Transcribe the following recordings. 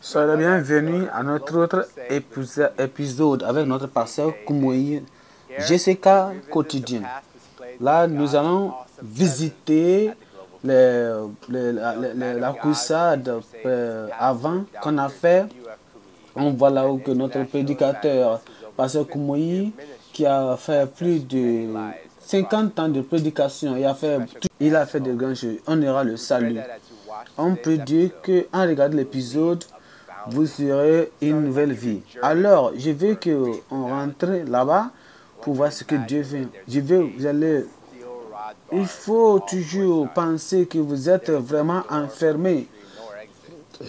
Soyez bienvenue à notre autre épisode avec notre pasteur Koumoui, Jessica Quotidien. Là, nous allons visiter la coussade euh, avant qu'on a fait. On voit là où que notre prédicateur, pasteur Koumoui, qui a fait plus de 50 ans de prédication, il a fait, il a fait de grands jeux. On aura le salut. On peut dire qu'en regardant l'épisode, vous aurez une nouvelle vie. Alors, je veux que on rentre là-bas pour voir ce que Dieu veut. Je veux, vous allez. Il faut toujours penser que vous êtes vraiment enfermé.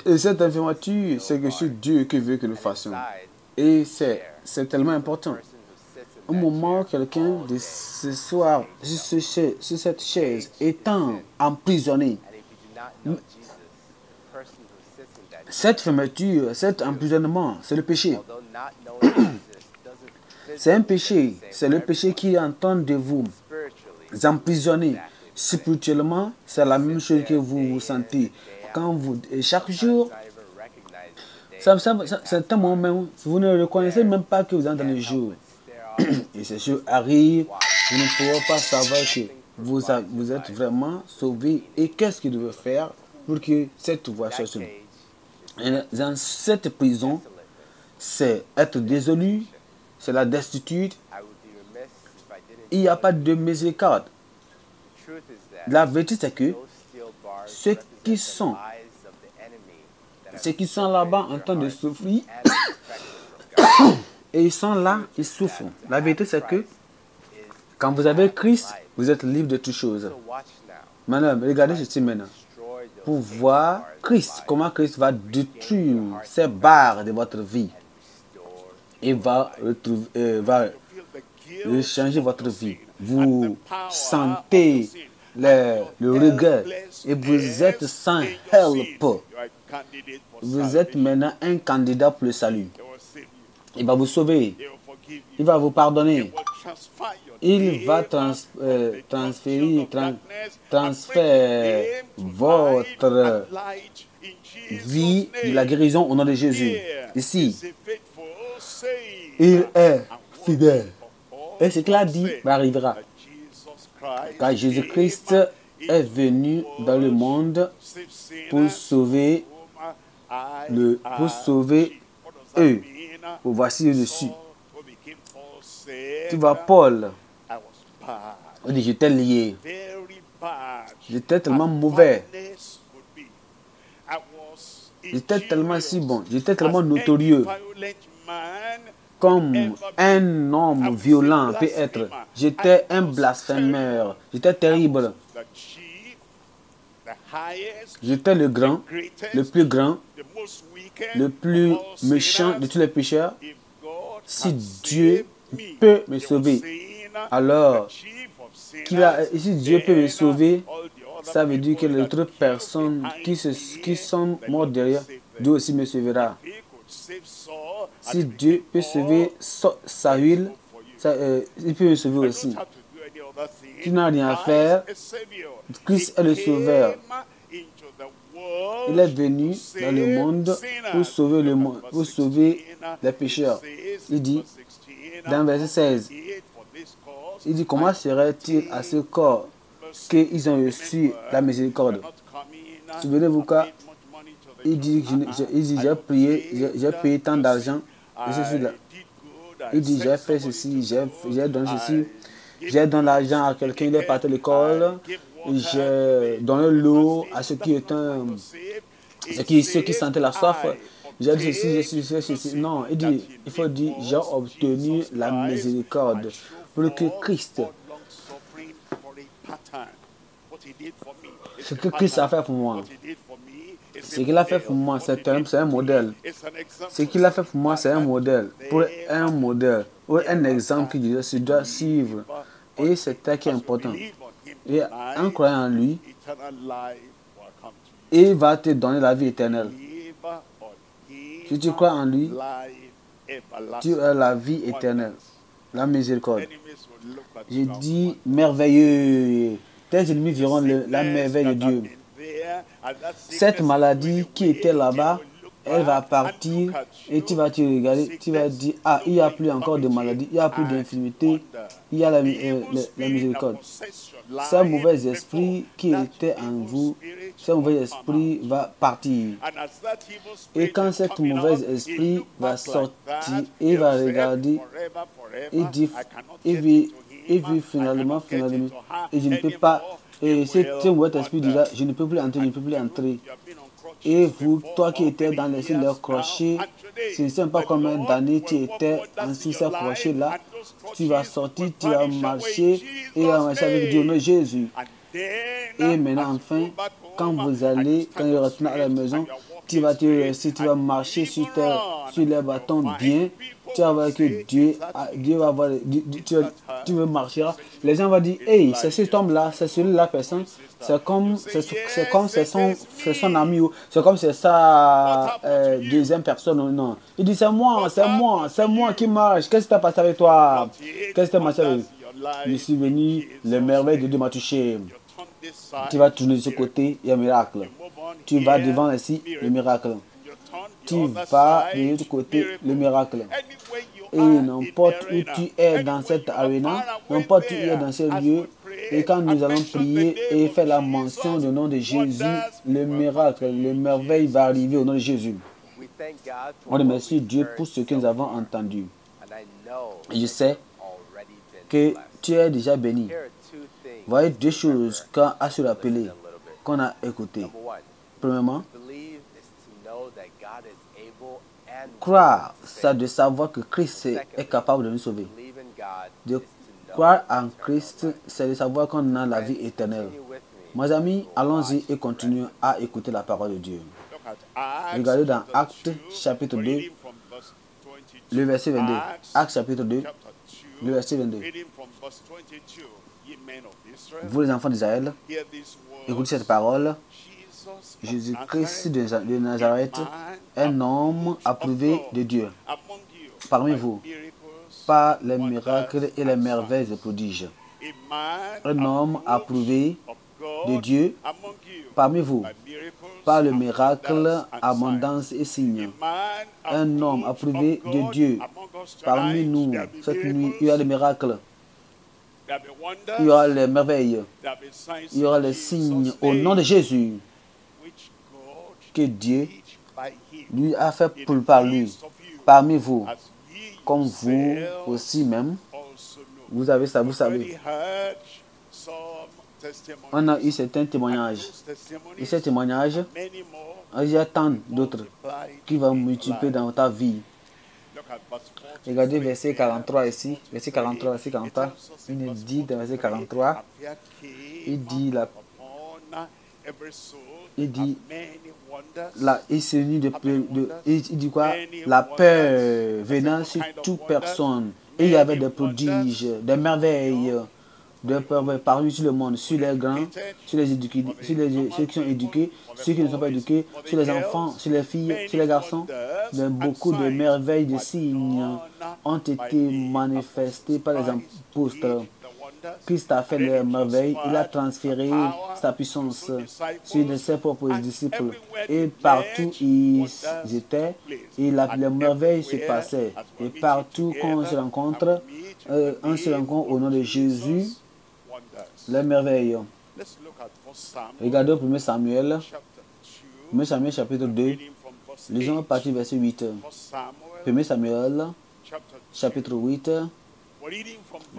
Et cette infirmature, c'est que c'est Dieu qui veut que nous fassions. Et c'est tellement important. Au moment où quelqu'un de ce soir, sur cette chaise, étant emprisonné, cette fermeture, cet emprisonnement, c'est le péché. C'est un péché. C'est le péché qui entend de vous emprisonner. Spirituellement, c'est la même chose que vous vous sentez. Quand vous, et chaque jour, certains moments, vous ne reconnaissez même pas que vous êtes dans le jour. Et ces choses arrive, vous ne pouvez pas savoir que vous, vous êtes vraiment sauvé. Et qu'est-ce qu'il doit faire pour que cette voie soit Dans cette prison, c'est être désolé, c'est la destitute. Il n'y a pas de miséricorde. La vérité, c'est que ceux qui sont, ceux qui sont là-bas en temps de souffrir, et ils sont là, ils souffrent. La vérité, c'est que quand vous avez Christ, vous êtes libre de toutes choses. Maintenant, regardez ceci maintenant pour voir Christ, comment Christ va détruire ces barres de votre vie et va, euh, va changer votre vie. Vous sentez le, le regret et vous êtes sans help. Vous êtes maintenant un candidat pour le salut. Il va vous sauver. Il va vous pardonner il va euh, transférer, votre vie de la guérison au nom de Jésus. Ici, il est fidèle. Et ce qu'il a dit arrivera. Car Jésus-Christ est venu dans le monde pour sauver, le, pour sauver eux. Voici le dessus. Tu vois, Paul on dit, j'étais lié. J'étais tellement mauvais. J'étais tellement si bon. J'étais tellement notorieux. Comme un homme violent peut être. J'étais un blasphèmeur J'étais terrible. J'étais le grand, le plus grand, le plus méchant de tous les pécheurs. Si Dieu peut me sauver, alors si Dieu peut me sauver, ça veut dire que les autres personnes qui, qui sont mortes derrière, Dieu aussi me sauvera. Si Dieu peut sauver Saül, ça, euh, il peut me sauver aussi. Tu n'as rien à faire. Christ est le sauveur. Il est venu dans le monde pour sauver, le monde, pour sauver les pécheurs. Il dit dans verset 16, il dit, comment serait-il à ce corps qu'ils ont reçu la miséricorde Souvenez-vous quand il dit, j'ai prié, j'ai payé tant d'argent, Il dit, j'ai fait ceci, j'ai donné ceci, j'ai donné l'argent à quelqu'un, qui est parti à l'école, j'ai donné l'eau à ceux qui étaient, sentaient la soif. J'ai dit ceci, j'ai ceci, ceci. Non, il dit, il faut dire, j'ai obtenu la miséricorde que Christ. Ce que Christ a fait pour moi, ce qu'il a fait pour moi, c'est un, modèle. Ce qu'il a fait pour moi, c'est un modèle. Pour un modèle, ou un exemple que Dieu doit suivre. Et c'est ça qui est important. Et en croyant en lui, il va te donner la vie éternelle. Si tu crois en lui, tu as la vie éternelle. La miséricorde. J'ai dit merveilleux. Tes ennemis verront la merveille de Dieu. Cette maladie qui était là-bas elle va partir et tu vas te regarder, tu vas dire, ah, il n'y a plus encore de maladie, il n'y a plus d'infirmité, il y a euh, la, miséricorde. Ce mauvais esprit qui était en vous, ce mauvais esprit va partir. Et quand ce mauvais esprit va sortir et va regarder et dit, et vit, et vit finalement, finalement, et je ne peux pas, et ce mauvais esprit dit là, je ne peux plus entrer, je ne peux plus entrer. Et vous, toi qui étais dans les le crochet, c'est sympa comme pas combien d'années tu étais en sous ces là tu vas sortir, tu vas marcher et marcher avec Dieu, mais Jésus. Et maintenant, enfin, quand vous allez, quand vous retourné à la maison, te, si tu vas marcher sur, les bâtons bien, tu vas voir que Dieu, va tu, veux marcher. Les gens vont dire, hey, c'est cet homme-là, c'est celui-là, personne. C'est comme, c'est comme, c'est son, ami c'est comme c'est sa euh, deuxième personne non. Il dit, c'est moi, c'est moi, c'est moi qui marche. Qu'est-ce qui t'a passé avec toi? Qu'est-ce qui t'a passé avec Je suis venu, les merveilles de Dieu m'a touché. Tu vas tourner de ce côté, il y a un miracle. Tu vas devant ici, le miracle. Tu vas de l'autre côté le miracle. Et n'importe où tu es dans cette arena, n'importe où tu es dans ce lieu, et quand nous allons prier et faire la mention du nom de Jésus, le miracle, le merveille va arriver au nom de Jésus. On remercie Dieu pour ce que nous avons entendu. je sais que tu es déjà béni. Voyez deux choses qu'on a se rappeler, qu'on a écouté. Premièrement, croire, c'est de savoir que Christ est capable de nous sauver. De croire en Christ, c'est de savoir qu'on a la vie éternelle. Mes amis, allons-y et continuons à écouter la parole de Dieu. Regardez dans Actes chapitre 2, le verset 22. Actes chapitre 2, le verset 22. Vous les enfants d'Israël, écoutez cette parole Jésus-Christ de Nazareth, un homme approuvé de Dieu parmi vous par les miracles et les merveilles et prodiges. Un homme approuvé de Dieu parmi vous par le miracle, abondance et signe. Un homme approuvé de Dieu parmi nous. Cette nuit, il y a des miracles, Il y aura les merveilles. Il y aura les signes au nom de Jésus que Dieu lui a fait pour par lui, parmi vous, comme vous aussi même. Vous, avez ça, vous savez. On a eu certains témoignages. Et ces témoignages, il y a tant d'autres qui vont multiplier dans ta vie. Regardez verset 43 ici, verset 43, verset 43. Il dit dans verset 43, il dit la il dit la, il de, de, il dit quoi la peur venant sur toute personne. Et il y avait des prodiges, des merveilles, de peur paru sur le monde, sur les grands, sur les éduqués, sur les, ceux qui sont éduqués, ceux qui ne sont pas éduqués, sur les enfants, sur les filles, sur les garçons. De beaucoup de merveilles, de signes ont été manifestés par les apôtres. Christ a fait les merveilles, il a transféré sa puissance sur de ses propres disciples. Et partout où ils étaient, la, les merveilles se passaient. Et partout qu'on se rencontre, euh, on se rencontre au nom de Jésus, les merveilles. Regardez 1 Samuel, 1 Samuel chapitre 2, lisons à partir verset 8. 1 Samuel chapitre 8,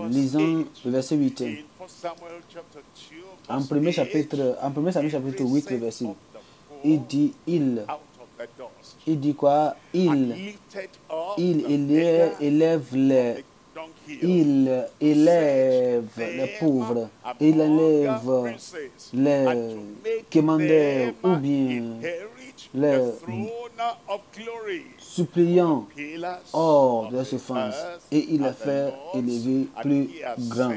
Lisons le verset 8. En 1 chapitre, en premier Samuel chapitre 8, le verset. Il dit, il. Il dit quoi Il. Il élève, les. Il élève les pauvres, il élève les commandeurs ou bien le suppliant hors de la souffrance et il a fait élever plus grand.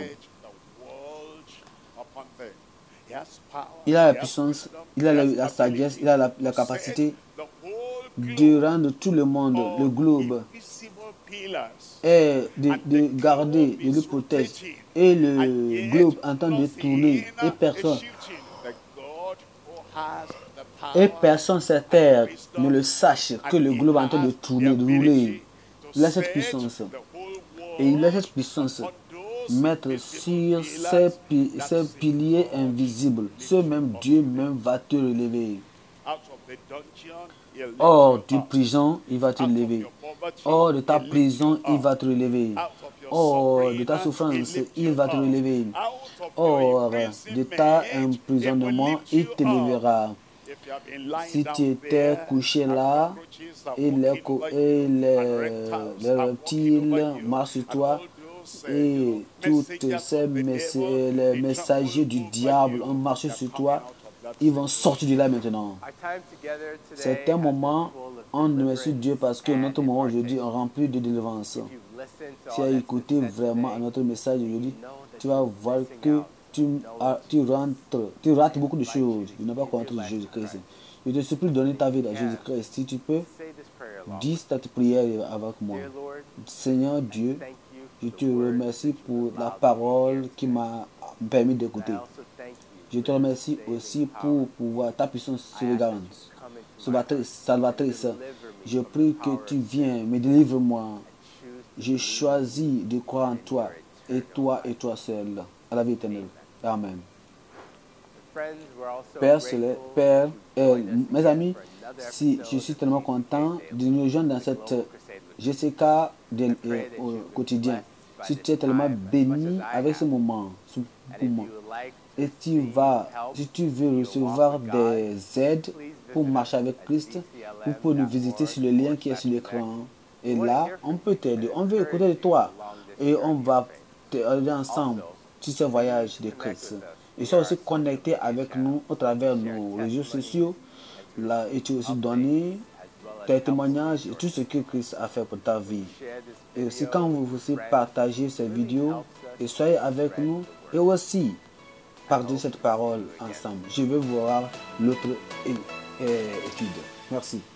Il a la puissance, il a la, sagesse, il a la, capacité de rendre tout le monde, le globe, et de, garder, de le protéger. Et le globe en temps de tourner et personne et personne sur terre ne le sache que le globe est en train de tourner, de rouler. Il a cette puissance. Et il a cette puissance mettre sur ces, piliers invisibles. Ce même Dieu même va te relever. Hors du prison, il va te lever. Hors de ta prison, il va te relever. Hors de ta souffrance, il va te relever. Hors de ta emprisonnement, il te levera si tu étais couché là et les, et les, reptiles marchent sur toi et tous ces mess les messagers du diable ont marché sur toi, ils vont sortir de là maintenant. C'est un moment, on remercie Dieu parce que notre moment aujourd'hui est rempli de délivrance. Si tu as écouté vraiment notre message aujourd'hui, tu vas voir que tu, ah, tu, rentres, tu rates beaucoup de choses. Tu ne pas contre Jésus-Christ. Je te supplie de donner ta vie à Jésus-Christ. Si tu peux, dis cette prière avec moi. Seigneur Dieu, je te remercie pour la parole qui m'a permis d'écouter. Je te remercie aussi pour ta puissance salvatrice, salvatrice. Je prie que tu viennes, me délivre-moi. Je choisis de croire en toi, et toi et toi seul, à la vie éternelle. Amen. Père, Père eh, mes amis, si je suis tellement content de nous rejoindre dans cette GCK eh, au quotidien. Si tu es tellement béni avec ce moment, ce moment, et tu vas, si tu veux recevoir des aides pour marcher avec Christ, ou pour nous visiter sur le lien qui est sur l'écran. Et là, on peut t'aider. On veut écouter de toi. Et on va te t'aider ensemble sur ce voyage de Christ. Ils sont aussi connectés avec nous au travers nos réseaux sociaux. Là, et tu as aussi donné tes témoignages et tout ce que Christ a fait pour ta vie. Et aussi quand vous aussi partagez ces vidéos et soyez avec nous et aussi partagez cette parole ensemble. Je vais voir l'autre étude. Merci.